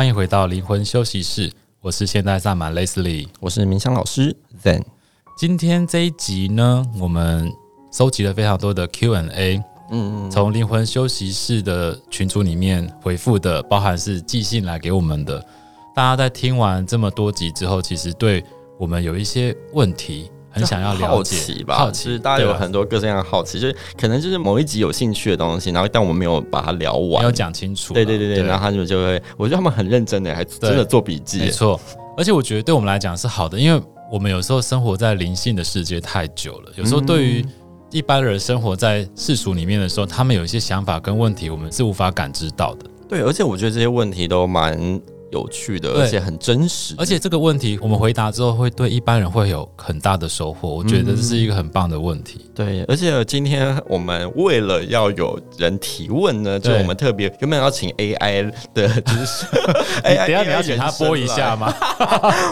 歡迎回到靈魂休息室，我是現代薩滿 Leslie，我是冥想老師 Zen，今天這一集呢，我們收集了非常多的 Q&A，嗯，嗯，嗯，從靈魂休息室的群組裡面回復的，包含是寄信來給我們的。大家在聽完這麼多集之後，其實對我們有一些問題。很想要了解，好奇吧？好奇，大家有很多各式各樣的好奇，啊、就是可能就是某一集有興趣的東西，然後但我們沒有把它聊完，沒有講清楚。對對對對，對然後他們就會，我覺得他們很認真的，還真的做筆記。對沒錯，而且我覺得對我們來講是好的，因為我們有時候生活在靈性的世界太久了，有時候對於一般人生活在世俗裡面的時候，嗯、他們有一些想法跟問題，我們是無法感知到的。對，而且我覺得這些問題都蠻有趣的，而且很真實。而且這個問題，我們回答之後會對一般人會有很大的收穫。我覺得這是一個很棒的問題。對，而且今天我們為了要有人提問呢，就我們特別有沒有要請 AI 的就是等下等下你要請他播一下嗎？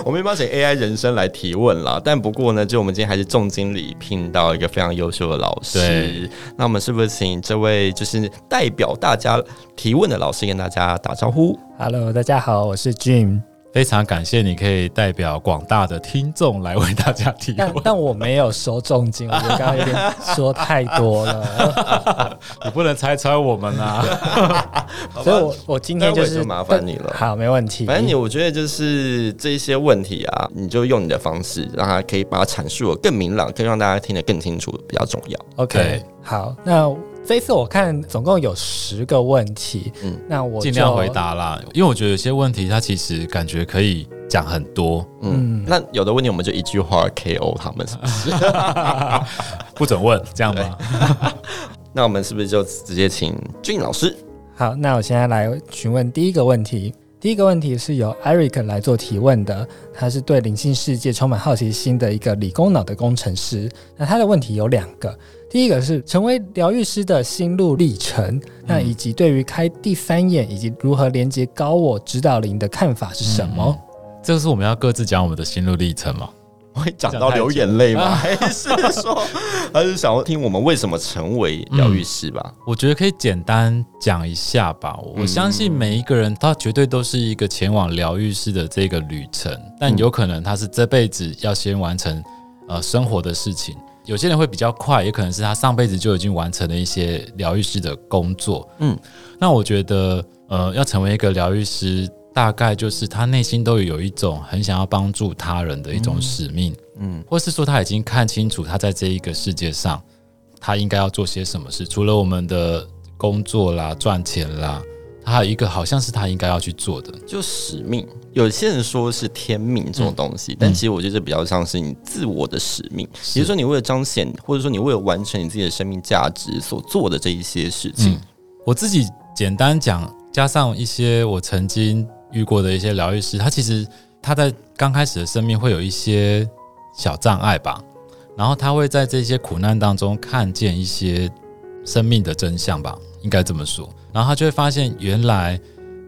我們要邀請 AI 人聲來提問啦。但不過呢，就我們今天還是重金禮聘到一個非常優秀的老師。那我們是不是請這位就是代表大家提問的老師跟大家打招呼？Hello，大家好，我是 Jim。非常感謝你可以代表廣大的聽眾來為大家提問，但，但我沒有收重金， 我剛剛已經說太多了。 你不能拆穿我們啊！ 吧所以我，我我今天就是就麻煩你了。好，沒問題。反正你，我覺得就是這一些問題啊，你就用你的方式，讓他可以把它闡述得更明朗，可以讓大家聽得更清楚，比較重要。OK，對好，那。這一次我看總共有十個問題，嗯，那我盡量回答啦，因為我覺得有些問題它其實感覺可以講很多，嗯，嗯，那有的問題我們就一句話 KO 他們是不是？ 不准問這樣吧。對 那我們是不是就直接請俊老師？好，那我現在來詢問第一個問題。第一個問題是由 Eric 來做提問的，他是對靈性世界充滿好奇心的一個理工腦的工程師。那他的問題有兩個，第一個是成為療癒師的心路歷程，那以及對於開第三眼以及如何連接高我指導靈的看法是什麼？嗯，嗯，這個是我們要各自講我們的心路歷程嗎？會講到流眼淚嗎？還是說，還是想要聽我們為什麼成為療癒師吧？嗯，我覺得可以簡單講一下吧。我相信每一個人，他絕對都是一個前往療癒師的這個旅程，但有可能他是這輩子要先完成呃生活的事情。有些人會比較快，也可能是他上輩子就已經完成了一些療癒師的工作。嗯，那我覺得，呃，要成為一個療癒師。大概就是他內心都有一種很想要幫助他人的一種使命，嗯，嗯，或是說他已經看清楚，他在這一個世界上，他應該要做些什麼事。除了我們的工作啦、賺錢啦，他還有一個好像是他應該要去做的，就使命。有些人說是天命這種東西，嗯，但其實我覺得這比較像是你自我的使命，嗯，比如說你為了彰顯，或者說你為了完成你自己的生命價值所做的這一些事情。嗯，我自己簡單講，加上一些我曾經。遇過的一些療癒師，他其實他在剛開始的生命會有一些小障礙吧，然後他會在這些苦難當中看見一些生命的真相吧，應該這麼說。然後他就會發現，原來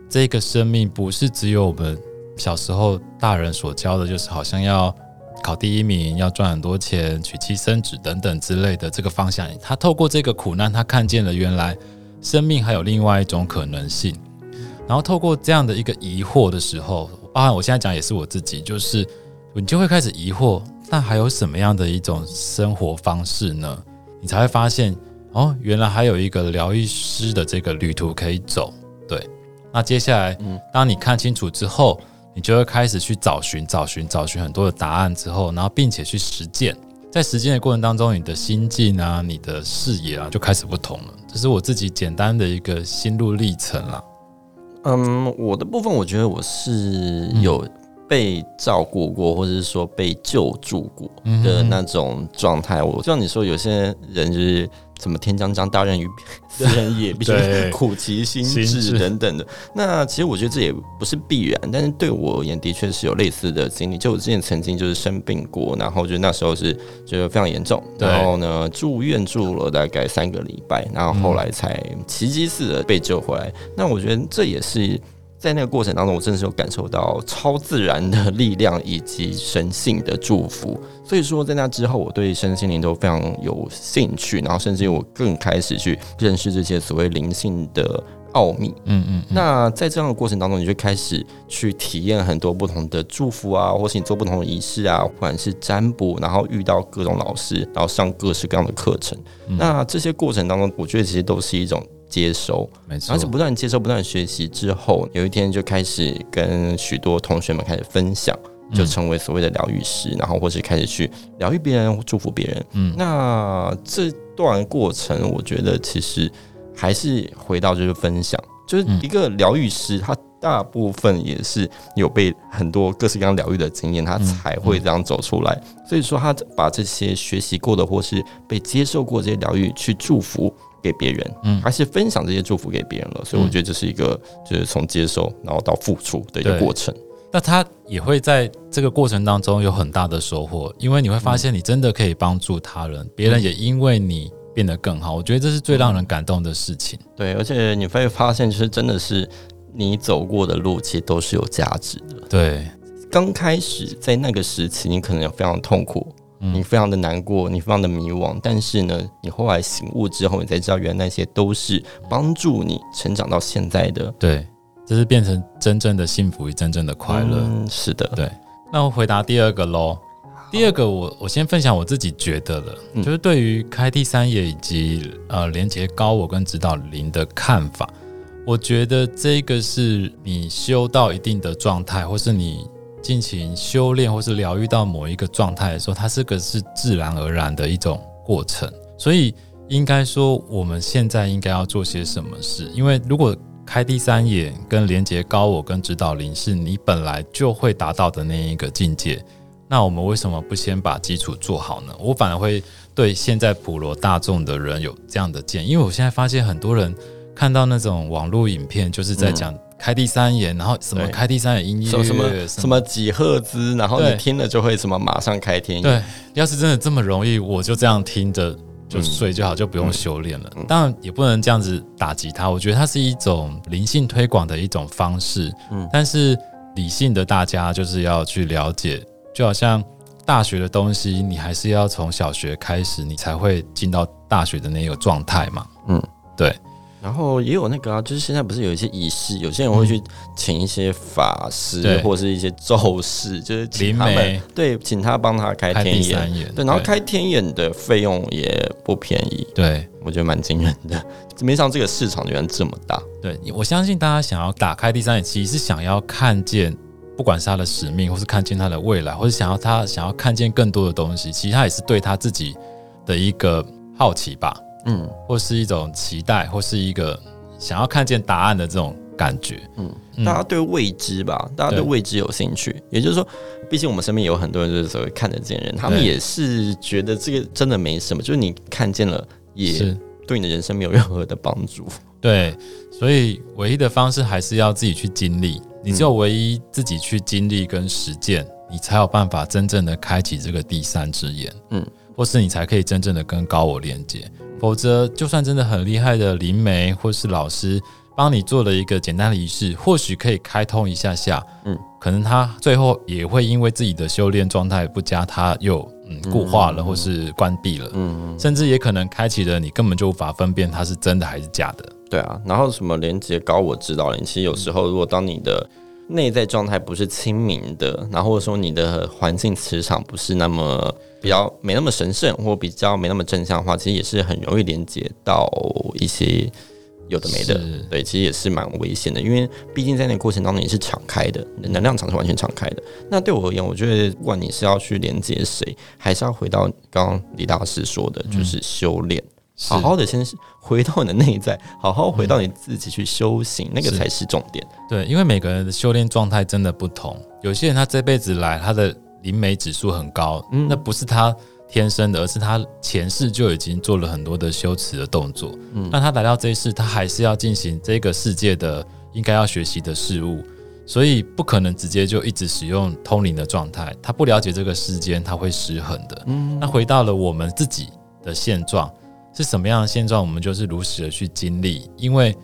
這個生命不是只有我們小時候大人所教的，就是好像要考第一名、要賺很多錢、娶妻生子等等之類的這個方向。他透過這個苦難，他看見了原來生命還有另外一種可能性。然後透過這樣的一個疑惑的時候，包含我現在講也是我自己，就是你就會開始疑惑，那還有什麼樣的一種生活方式呢？你才會發現哦，原來還有一個療癒師的這個旅途可以走。對，那接下來，當你看清楚之後，你就會開始去找尋找尋找尋很多的答案之後，然後並且去實踐，在實踐的過程當中，你的心境啊，你的視野啊，就開始不同了。這是我自己簡單的一個心路歷程啦。嗯，um, 我的部分，我覺得我是有被照顧過，或者是說被救助過的那種狀態。我就像你說，有些人就是。什麼「天將降大任於斯人也」對，必苦其心志等等的。那其實我覺得這也不是必然，但是對我而言，的確是有類似的經歷。就我之前曾經就是生病過，然後就那時候是覺得非常嚴重，然後呢住院住了大概三個禮拜，對然後後來才奇蹟似的被救回來。嗯、那我覺得這也是。在那個過程當中，我真的是有感受到超自然的力量以及神性的祝福。所以說，在那之後，我對身心靈都非常有興趣，然後甚至於我更開始去認識這些所謂靈性的奧秘。嗯嗯。那在這樣的過程當中，你就開始去體驗很多不同的祝福啊，或是你做不同的儀式啊，不管是占卜，然後遇到各種老師，然後上各式各樣的課程。那這些過程當中，我覺得其實都是一種。接收，然後是不斷接收，不斷學習之後，有一天就開始跟許多同學們開始分享，就成為所謂的療癒師，嗯、然後或是開始去療癒別人，祝福別人。嗯，那這段過程，我覺得其實還是回到就是分享，就是一個療癒師，他大部分也是有被很多各式各樣療癒的經驗，他才會這樣走出來。嗯、所以說，他把這些學習過的或是被接受過這些療癒去祝福。給別人，還是分享這些祝福給別人了，嗯、所以我覺得這是一個就是從接受然後到付出的一個過程。那他也會在這個過程當中有很大的收穫，因為你會發現你真的可以幫助他人，嗯、別人也因為你變得更好。我覺得這是最讓人感動的事情。對，而且你會發現，就是真的是你走過的路，其實都是有價值的。對，剛開始在那個時期，你可能有非常痛苦。你非常的難過，你非常的迷惘，但是呢，你後來醒悟之後，你才知道原來那些都是幫助你成長到現在的。對，這是變成真正的幸福與真正的快樂。嗯，是的，對。那我回答第二個嘍。好第二個我，我我先分享我自己覺得的，就是對於開第三眼以及呃連接高我跟指導靈的看法，我覺得這個是你修到一定的狀態，或是你。進行修煉或是療癒到某一個狀態的時候，它是個是自然而然的一種過程。所以，應該說我們現在應該要做些什麼事，因為如果開第三眼、跟連接高我、跟指導靈是你本來就會達到的那一個境界，那我們為什麼不先把基礎做好呢？我反而會對現在普羅大眾的人有這樣的建議，因為我現在發現很多人看到那種網絡影片，就是在講。嗯。開第三眼，然後什麼開第三眼音樂，什麼什麼幾赫茲，然後你聽了就會什麼馬上開天眼。對，對，要是真的這麼容易，我就這樣聽着就睡就好，嗯、就不用修煉了。嗯嗯、當然也不能這樣子打擊他，我覺得它是一種靈性推廣的一種方式。嗯，但是理性的大家就是要去了解，就好像大學的東西，你還是要從小學開始，你才會進到大學的那個狀態嘛。嗯，對。然後也有那個啊，就是現在不是有一些儀式，有些人會去請一些法師、嗯、或是一些咒師，對就是請他們美對，請他幫他開天眼，眼對，對，然後開天眼的費用也不便宜，對，我覺得蠻驚人的。沒想到這個市場居然這麼大，對，我相信大家想要打開第三眼，其實是想要看見，不管是他的使命，或是看見他的未來，或是想要他想要看見更多的東西，其實他也是對他自己的一個好奇吧。嗯，或是一種期待，或是一個想要看見答案的這種感覺。嗯，大家對未知吧，大家對未知有興趣。對也就是說，畢竟我們身邊有很多人就是所謂看得見人，他們也是覺得這個真的沒什麼，對就是你看見了也對你的人生沒有任何的幫助。對，所以唯一的方式還是要自己去經歷。你只有唯一自己去經歷跟實踐，你才有辦法真正的開啟這個第三隻眼。嗯。或是你才可以真正的跟高我連接，否則就算真的很厲害的靈媒或是老師幫你做了一個簡單的儀式，或許可以開通一下下，嗯，可能他最後也會因為自己的修煉狀態不佳，他又嗯固化了，或是關閉了，嗯，嗯，甚至也可能開啟了，你根本就無法分辨，它是真的還是假的。對啊，然後什麼連接高我知道了，你其實有時候，如果當你的內在狀態不是清明的，然後或者說你的環境磁場不是那麼。比較沒那麼神聖，或比較沒那麼正向的話，其實也是很容易連接到一些有的沒的，是對，其實也是蠻危險的。因為畢竟在那個過程當中你是敞開的，能量場是完全敞開的。那對我而言，我覺得不管你是要去連接誰，還是要回到剛剛李大師說的，嗯、就是修煉，是好好的先回到你的內在，好好回到你自己去修行，嗯、那個才是重點是。對，因為每個人的修煉狀態真的不同，有些人他這輩子來他的。靈媒指數很高，那不是他天生的，而是他前世就已經做了很多的修持的動作。那他來到這一世，他還是要進行這個世界的應該要學習的事物，所以不可能直接就一直使用通靈的狀態。他不了解這個世間，他會失衡的。那回到了我們自己的現狀是什麼樣的現狀，我們就是如實的去經歷。因為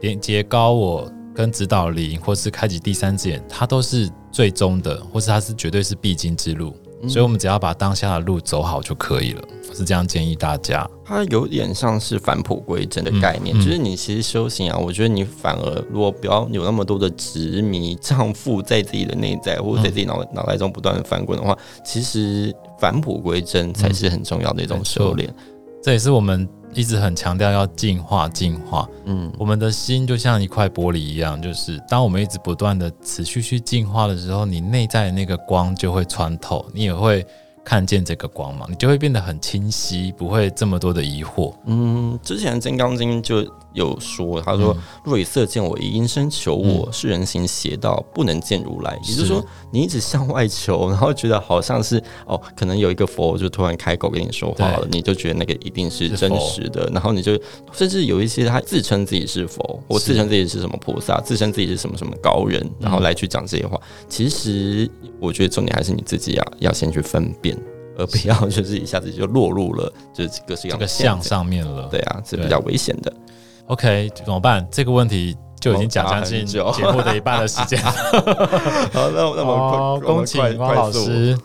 連接高我跟指導靈，或是開啟第三隻眼，它都是。最終的，或是它是絕對是必經之路，嗯、所以我們只要把當下的路走好就可以了，我是這樣建議大家。它有點像是返璞歸真的概念，嗯、就是你其實修行啊，嗯、我覺得你反而如果不要有那麼多的執迷障覆在自己的內在，或者在自己腦腦、嗯、袋中不斷的翻滾的話，其實返璞歸真才是很重要的一種修煉、嗯。這也是我們。一直很強調要淨化，淨化。嗯，我們的心就像一塊玻璃一樣，就是當我們一直不斷的持續去淨化的時候，你內在那個光就會穿透，你也會看見這個光芒，你就會變得很清晰，不會這麼多的疑惑。嗯，之前《金剛經》就。有說，他說：“嗯、若以色見我，以音聲求我，嗯、是人行邪道，不能見如來。”也就是說，你一直向外求，然後覺得好像是哦，可能有一個佛就突然開口跟你說話了，對你就覺得那個一定是真實的。佛然後你就甚至有一些他自稱自己是佛，是我自稱自己是什麼菩薩，自稱自己是什麼什麼高人，然後來去講這些話。嗯、其實我覺得重點還是你自己要、啊、要先去分辨，而不要就是一下子就落入了是就是這個這個相上面了。對啊，是比較危險的。OK，怎麼辦？這個問題就已經講將近節目的一半的時間了。哦、 好，那我們恭喜貓老師。哦、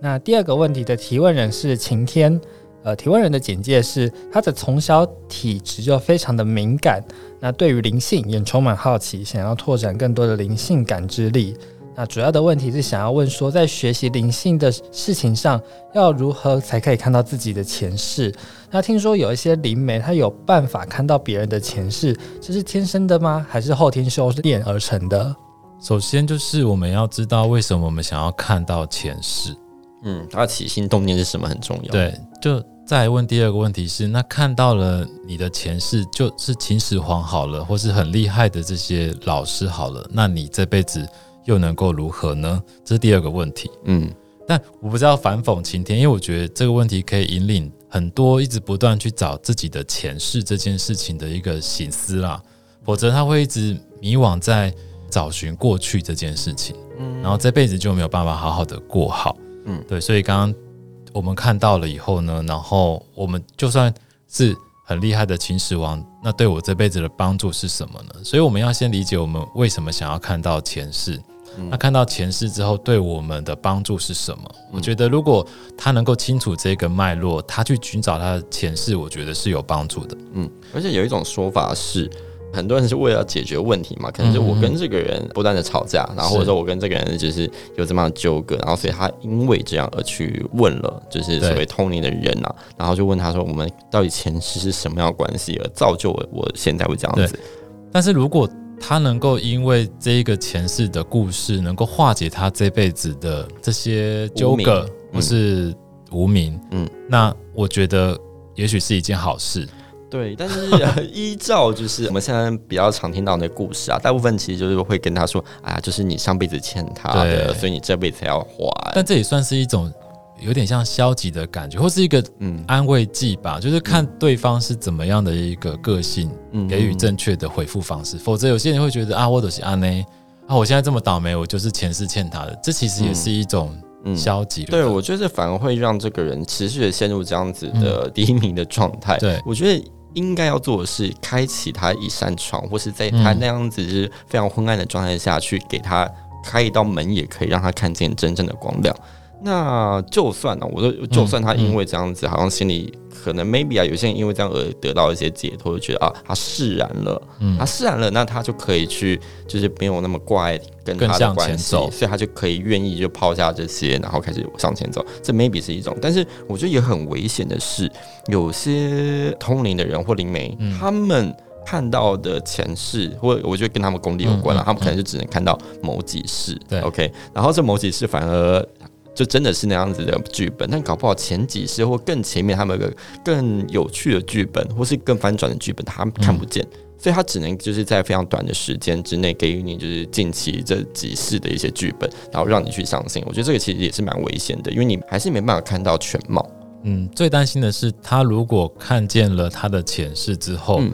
那第二個問題的提問人是晴天，呃，提問人的簡介是，他的從小體質就非常的敏感，那對於靈性也充滿好奇，想要拓展更多的靈性感知力。那主要的問題是想要問說，在學習靈性的事情上，要如何才可以看到自己的前世？那聽說有一些靈媒，他有辦法看到別人的前世，這是天生的嗎？還是後天修煉而成的？首先，就是我們要知道為什麼我們想要看到前世。嗯，他起心動念是什麼很重要。對，就再問第二個問題是：那看到了你的前世，就是秦始皇好了，或是很厲害的這些老師好了，那你這輩子……又能夠如何呢？這是第二個問題。嗯，但我不知道反諷晴天，因為我覺得這個問題可以引領很多一直不斷去找自己的前世這件事情的一個省思啦。否則他會一直迷惘在找尋過去這件事情，嗯，然後這輩子就沒有辦法好好的過好。嗯，對，所以剛剛我們看到了以後呢，然後我們就算是很厲害的秦始皇。那對我這輩子的幫助是什麼呢？所以我們要先理解我們為什麼想要看到前世。嗯、那看到前世之後對我們的幫助是什麼？嗯、我覺得如果他能夠清楚這個脈絡，他去尋找他的前世，我覺得是有幫助的。嗯，而且有一種說法是，很多人是為了解決問題嘛，可能是我跟這個人不斷的吵架，嗯、然後或者說我跟這個人就是有這麼樣糾葛，是然後所以他因為這樣而去問了，就是所謂通靈的人吶、啊，對然後就問他說，我們到底前世是什麼樣的關係，而造就了我，我現在會這樣子？但是如果他能夠因為這一個前世的故事，能夠化解他這輩子的這些糾葛，嗯、不是無名，嗯，那我覺得也許是一件好事，對。但是依照就是我們現在比較常聽到那個故事啊， 大部分其實就是會跟他說，哎、啊、呀，就是你上輩子欠他的，對所以你這輩子要還。但這也算是一種。有點像消極的感覺，或是一個安慰劑吧。嗯、就是看對方是怎麼樣的一個個性，給予、嗯、正確的回復方式。嗯、哼否則，有些人會覺得啊，我都是阿內啊，我現在這麼倒霉，我就是前世欠他的。這其實也是一種消極的、嗯嗯。對，對吧我覺得，反而會讓這個人持續的陷入這樣子的低迷的狀態、嗯。對我覺得，應該要做的是開啟他一扇窗，或是在他那樣子是非常昏暗的狀態下去、嗯、給他開一道門，也可以讓他看見真正的光亮。那就算了、哦，我說就算他因為這樣子，嗯嗯、好像心裡可能 maybe 啊，有些人因為這樣而得到一些解脫，就覺得啊，他釋然了，嗯、他釋然了，那他就可以去，就是沒有那麼怪跟他的關係，所以他就可以願意就拋下這些，然後開始向前走。這 maybe 是一種，但是我覺得也很危險的是，有些通靈的人或靈媒，嗯、他們看到的前世，或我覺得跟他們功力有關了，嗯嗯嗯，他們可能就只能看到某幾世。對，OK，然後這某幾世反而。就真的是那樣子的劇本，但搞不好前幾世或更前面他們有個更有趣的劇本，或是更翻轉的劇本，他們看不見，嗯，所以他只能就是在非常短的時間之內給予你就是近期這幾世的一些劇本，然後讓你去相信。我覺得這個其實也是蠻危險的，因為你還是沒辦法看到全貌。嗯，最擔心的是他如果看見了他的前世之後。嗯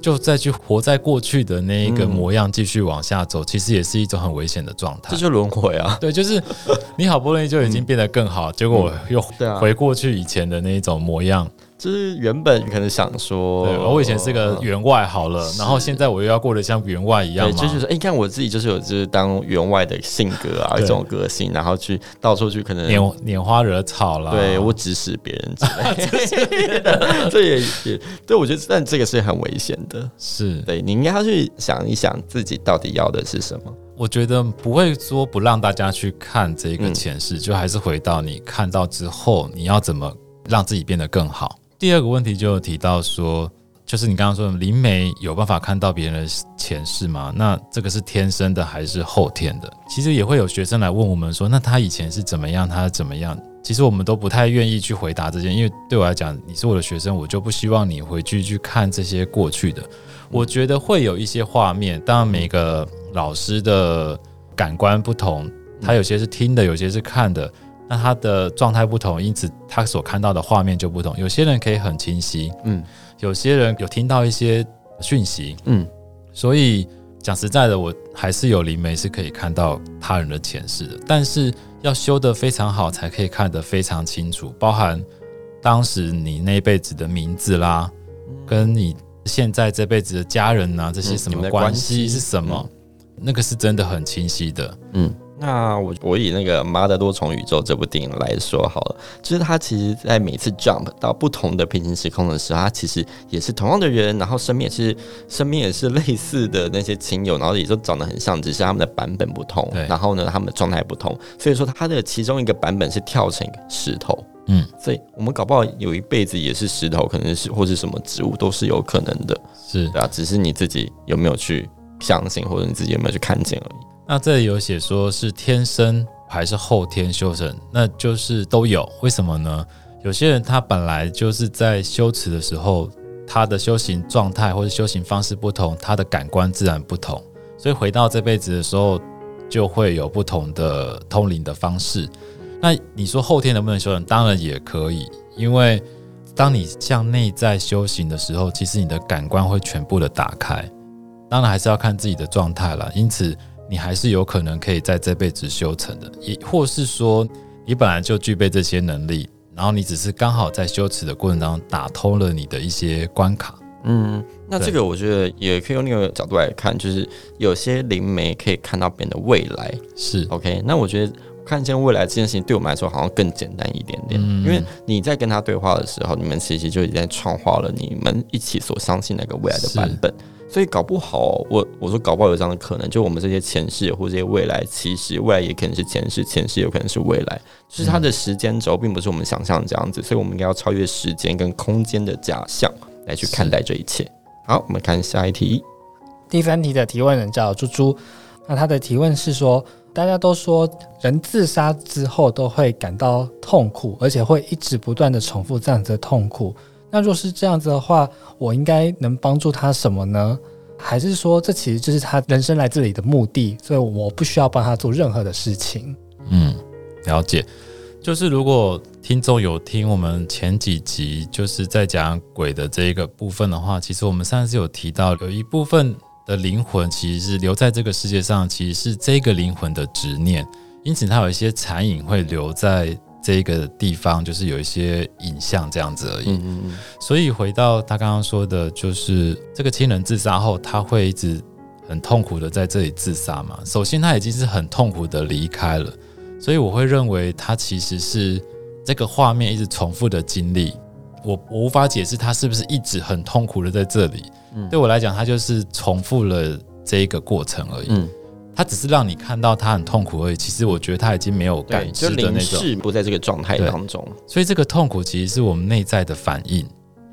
就再去活在過去的那一個模樣，繼續往下走，嗯、其實也是一種很危險的狀態。這就輪迴啊！對，就是你好不容易就已經變得更好，呵呵嗯、結果又回過去以前的那一種模樣。嗯就是原本可能想說，對，我以前是個員外好了，嗯、然後現在我又要過得像員外一樣，對就是說，哎、欸，看我自己就是有就是當員外的性格啊，一對種個性，然後去到處去可能拈拈花惹草啦，對我指使別人之類的。這也也對，我覺得但這個是很危險的，是對你應該要去想一想自己到底要的是什麼。我覺得不會說不讓大家去看這個前世，嗯、就還是回到你看到之後，你要怎麼讓自己變得更好。第二個問題就有提到說，就是你剛剛說的靈媒有辦法看到別人的前世嗎？那這個是天生的還是後天的？其實也會有學生來問我們說，那他以前是怎麼樣，他是怎麼樣？其實我們都不太願意去回答這些，因為對我來講，你是我的學生，我就不希望你回去去看這些過去的。我覺得會有一些畫面，當然每個老師的感官不同，他有些是聽的，有些是看的。那他的狀態不同，因此他所看到的畫面就不同。有些人可以很清晰，嗯，有些人有聽到一些訊息，嗯。所以講實在的，我還是有靈媒是可以看到他人的前世的，但是要修得非常好，才可以看得非常清楚，包含當時你那一輩子的名字啦，嗯、跟你現在這輩子的家人吶、啊，這些什麼關係是什麼，嗯嗯、那個是真的很清晰的，嗯。那我我以那個《媽的多重宇宙》這部電影來說好了，就是他其實在每次 jump 到不同的平行時空的時候，他其實也是同樣的人，然後身邊也是身邊也是類似的那些親友，然後也都長得很像，只是他們的版本不同。然後呢，他們的狀態不同，所以說它的其中一個版本是跳成石頭。嗯。所以我們搞不好有一輩子也是石頭，可能是或是什麼植物都是有可能的。是啊，只是你自己有沒有去相信，或者你自己有沒有去看見而已。那這裡有寫說是天生還是後天修成，那就是都有。為什麼呢？有些人他本來就是在修持的時候，他的修行狀態或者修行方式不同，他的感官自然不同，所以回到這輩子的時候就會有不同的通靈的方式。那你說後天能不能修成？當然也可以，因為當你向內在修行的時候，其實你的感官會全部的打開。當然還是要看自己的狀態了。因此。你還是有可能可以在這輩子修成的，亦或是說你本來就具備這些能力，然後你只是剛好在修持的過程當中打通了你的一些關卡。嗯，那這個我覺得也可以用另一個角度來看，對就是有些靈媒可以看到別人的未來。是，OK，那我覺得。看見未來這件事情對我們來說好像更簡單一點點，嗯、因為你在跟他對話的時候，你們其實就已經在創化了你們一起所相信那個未來的版本。是所以搞不好，我我說搞不好有這樣的可能，就我們這些前世或者這些未來，其實未來也可能是前世，前世也可能是未來，就是它的時間軸並不是我們想象這樣子。嗯、所以我們應該要超越時間跟空間的假象來去看待這一切。是好，我們看下一題，第三題的提問人叫豬豬，那他的提問是說。大家都說，人自殺之後都會感到痛苦，而且會一直不斷的重複這樣子的痛苦。那若是這樣子的話，我應該能幫助他什麼呢？還是說，這其實就是他人生來這裡的目的？所以我不需要幫他做任何的事情。嗯，了解。就是如果聽眾有聽我們前幾集，就是在講鬼的這一個部分的話，其實我們上次有提到，有一部分，的靈魂其實是留在這個世界上，其實是這個靈魂的執念，因此他有一些殘影會留在這個地方，就是有一些影像這樣子而已。所以回到他剛剛說的，就是這個親人自殺後，他會一直很痛苦的在這裡自殺嗎？首先他已經是很痛苦的離開了，所以我會認為他其實是這個畫面一直重複的經歷，我無法解釋他是不是一直很痛苦的在這裡。對我來講，他就是重複了這一個過程而已。嗯，他只是讓你看到他很痛苦而已。其實我覺得他已經沒有感知的那種。靈識不在這個狀態當中，所以這個痛苦其實是我們內在的反應。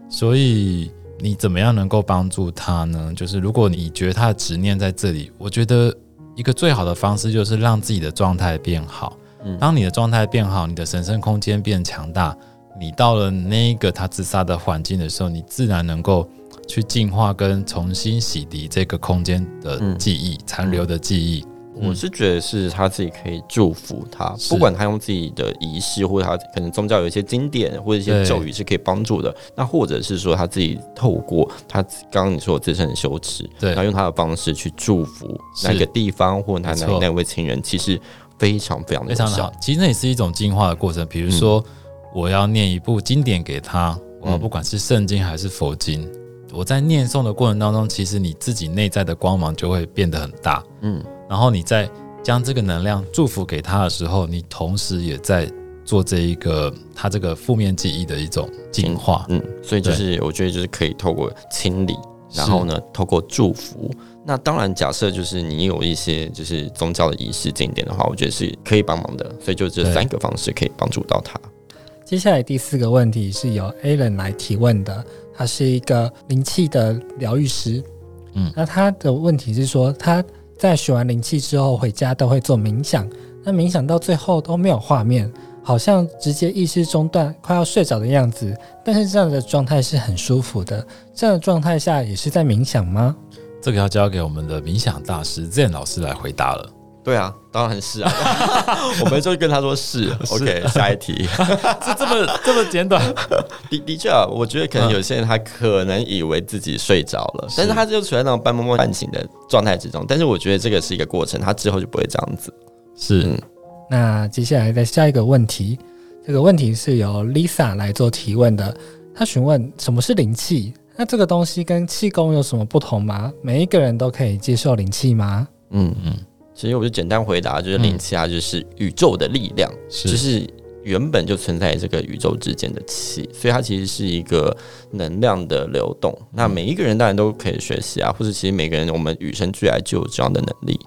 所以你怎麼樣能夠幫助他呢？就是如果你覺得他的執念在這裡，我覺得一個最好的方式就是讓自己的狀態變好。當你的狀態變好，你的神聖空間變強大，你到了那一個他自殺的環境的時候，你自然能夠。去淨化跟重新洗滌這個空間的記憶，殘、嗯、留的記憶。我是覺得是他自己可以祝福他，嗯、不管他用自己的儀式，是或者他可能宗教有一些經典或者一些咒語是可以幫助的。對那或者是說他自己透過他剛剛你說我自身很羞恥，對，他用他的方式去祝福那個地方是或者他那錯那位親人，其實非常非常的非常的好。其實那也是一種淨化的過程。比如說我要念一部經典給他，嗯、我不管是聖經還是佛經。我在念誦的過程當中，其實你自己內在的光芒就會變得很大，嗯，然後你在將這個能量祝福給他的時候，你同時也在做這一個他這個負面記憶的一種淨化，嗯，嗯，所以就是對我覺得就是可以透過清理，然後呢，是透過祝福。那當然，假設就是你有一些就是宗教的儀式經典的話，我覺得是可以幫忙的。所以就這三個方式可以幫助到他。對接下來第四個問題是由 Alan 來提問的。他是一個靈氣的療癒師，嗯，那、啊、他的問題是說，他在學完靈氣之後回家都會做冥想，那冥想到最後都沒有畫面，好像直接意識中斷，快要睡着的樣子，但是這樣的狀態是很舒服的，這樣的狀態下也是在冥想嗎？這個要交給我們的冥想大師 Zen 老師來回答了。對啊，當然是啊， 我們就跟他說是，OK，下一題 是這麼這麼簡短 的的確啊，我覺得可能有些人他可能以為自己睡着了，是，但是他就處在那種半夢半醒的狀態之中。但是我覺得這個是一個過程，他之後就不會這樣子。是，那接下來在下一個問題，這個問題是由 Lisa 來做提問的，她詢問什麼是靈氣？那這個東西跟氣功有什麼不同嗎？每一個人都可以接受靈氣嗎？嗯嗯。其實我就簡單回答，就是靈氣啊，就是宇宙的力量，嗯、是。就是原本就存在這個宇宙之間的氣，所以它其實是一個能量的流動。那每一個人當然都可以學習啊，或者其實每個人我們與生俱來就有這樣的能力。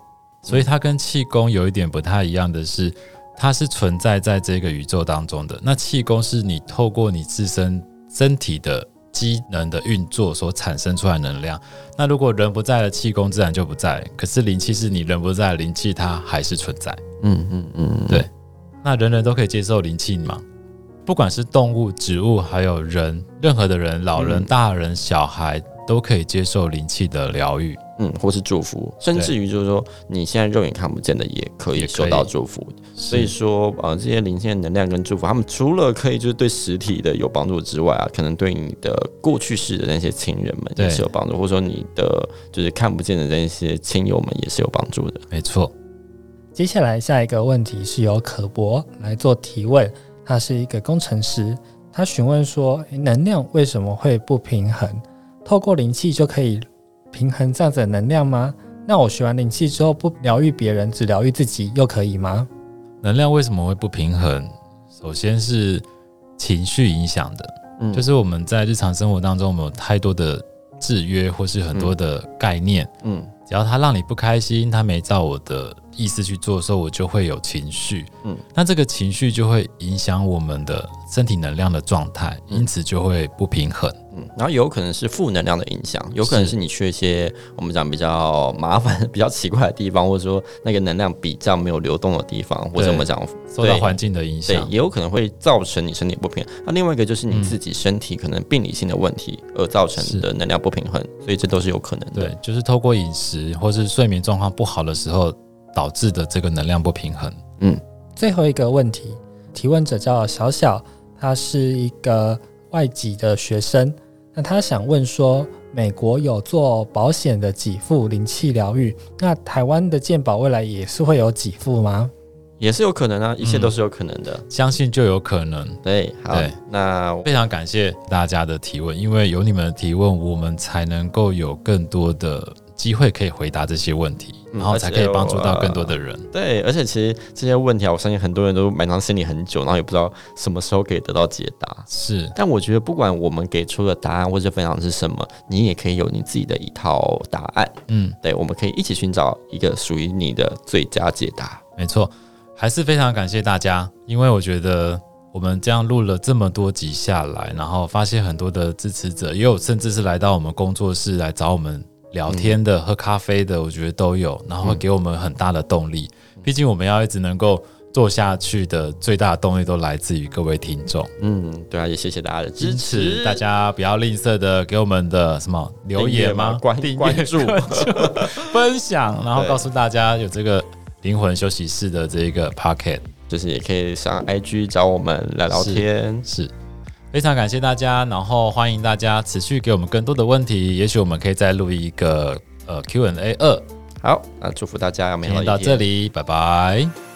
所以它跟氣功有一點不太一樣的是，它是存在在這個宇宙當中的。那氣功是你透過你自身身體的。機能的運作所產生出來的能量，那如果人不在了，氣功自然就不在。可是靈氣是你人不在，靈氣它還是存在。嗯嗯嗯嗯，嗯嗯對。那人人都可以接受靈氣嗎？不管是動物、植物，還有人，任何的人，老人、嗯、大人、小孩，都可以接受靈氣的療癒。嗯，或是祝福，甚至於就是說，對你現在肉眼看不見的也可以收到祝福。以所以說，是呃，這些靈性的能量跟祝福，他們除了可以就是對實體的有幫助之外啊，可能對你的過去世的那些親人們也是有幫助，對或者說你的就是看不見的那些親友們也是有幫助的。沒錯錯。接下來下一個問題是由可博來做提問，他是一個工程師，他詢問說：能量為什麼會不平衡？透過靈氣就可以平衡這樣子的能量嗎？那我學完靈氣之後不療癒別人，只療癒自己又可以嗎？能量為什麼會不平衡？首先是情緒影響的，嗯，就是我們在日常生活當中，我們有太多的制約或是很多的概念，嗯，嗯，只要它讓你不開心，它沒照我的意思去做的時候，我就會有情緒，嗯，那這個情緒就會影響我們的身體能量的狀態，因此就會不平衡。嗯，然後有可能是負能量的影響，有可能是你去一些我們講比較麻煩、比較奇怪的地方，或者說那個能量比較沒有流動的地方，對或者我們講受到環境的影響，對，也有可能會造成你身體不平衡。那另外一個就是你自己身體可能病理性的問題而造成的能量不平衡，嗯，所以這都是有可能的。對，就是透過飲食或是睡眠狀況不好的時候導致的這個能量不平衡。嗯，最後一個問題，提問者叫小小，他是一個。外籍的學生，那他想問說，美國有做保險的給付靈氣療癒，那台灣的健保未來也是會有給付嗎？也是有可能啊，一切都是有可能的，嗯，相信就有可能。對，好，對。那我非常感謝大家的提問，因為有你們的提問，我們才能夠有更多的。機會可以回答這些問題，嗯、然後才可以幫助到更多的人、呃。對，而且其實這些問題啊，我相信很多人都埋藏心裡很久，然後也不知道什麼時候可以得到解答。是，但我覺得不管我們給出的答案或者分享是什麼，你也可以有你自己的一套答案。嗯，對，我們可以一起尋找一個屬於你的最佳解答。沒錯，還是非常感謝大家，因為我覺得我們這樣錄了這麼多集下來，然後發現很多的支持者也有，甚至是來到我們工作室來找我們聊天的、嗯、喝咖啡的，我覺得都有，然後會給我們很大的動力。畢、嗯、竟我們要一直能夠做下去的最大的動力，都來自於各位聽眾。嗯，對啊，也謝謝大家的支持，因此大家不要吝嗇的給我們的什麼留言嗎，嗎關？關注、關注 分享，然後告訴大家有這個靈魂休息室的這一個 pocket，就是也可以上 IG 找我們來聊天。是。是非常感謝大家，然後歡迎大家持續給我們更多的問題，也許我們可以再錄一個呃 Q&A 二。Q、好，那祝福大家今天到這裡，拜拜。